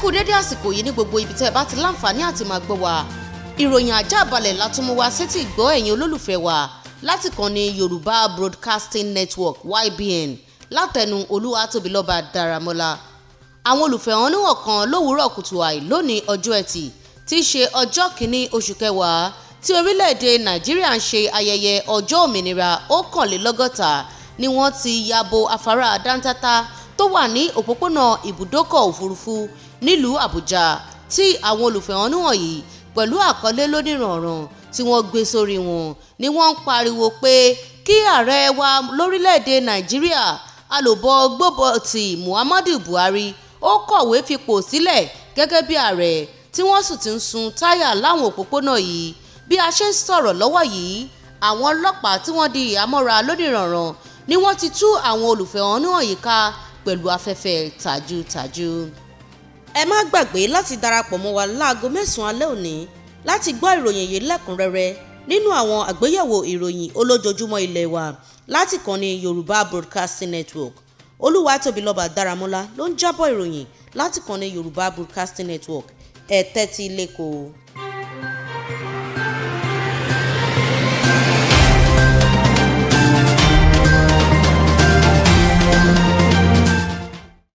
kú dédé àsìkò yìí ní gbogbo ibi tẹ́ ẹ bá ti láǹfààní àti máa gbọ́ wa ìròyìn ajá balẹ̀ látúmú wa sétí ìgbọ́ ẹ̀yin olólùfẹ́ wa láti kàn Yorùbá Broadcasting Network YBN látẹnu Olúwatóbilọ́ba Dáramọ́lá àwọn olùfẹ̀hónú ọ̀kan lówùúrọ̀ kùtù àì lónìí ọjọ́ ẹtì tí í ṣe ọjọ́ kìíní oṣù kẹwàá tí orílẹ̀-èdè Nàìjíríà ń ṣe ayẹyẹ ọjọ́ òmìnira ọ̀kànlélọ́gọ́ta ni wọ́n ti ya bo afárá Dáńtátá tó wà ní òpópónà ibùdókọ̀ òfurufú nílùú àbújá tí àwọn olùfẹ̀hónúhàn yìí pẹ̀lú àkọlé lónìrànràn tí wọ́n gbé sórí wọn ni wọ́n ń pariwo pé kí ààrẹ wa lórílẹ̀‐èdè nàìjíríà alòbọ̀ gbóbọ̀tì muhammadu buhari ó kọ̀wé fipò sílẹ̀ gẹ́gẹ́ bí ààrẹ tí wọ́n sì ti ń sun táyà láwọn òpópónà yìí bí a ṣe ń sọ̀rọ̀ lọ́wọ́ yìí àwọn ọlọ́pàá tí wọ́n di ìhámọ́ra lónìrànràn ni wọ́n ti tú àwọn olùfẹ̀hónúhàn yìí ká pẹ̀lú afẹ́fẹ́ tàjútàjú. ẹ má gbàgbé láti darapọ̀ mọ́ wa láago mẹ́sàn-án alẹ́ òní láti gbọ́ ìròyìn yìí lẹ́kùnrẹ́rẹ́ nínú àwọn àgbéyẹ̀wò ìròyìn olójoojúmọ́ ilé wa láti kànnì Yorùbá Broadcasting Network Olúwatóbilọ́ba Dáramọ́lá ló ń jábọ̀ ìròyìn láti kànnì Yorùbá Broadcasting Network ẹ̀ tẹ́tí lẹ́kọ̀ọ́.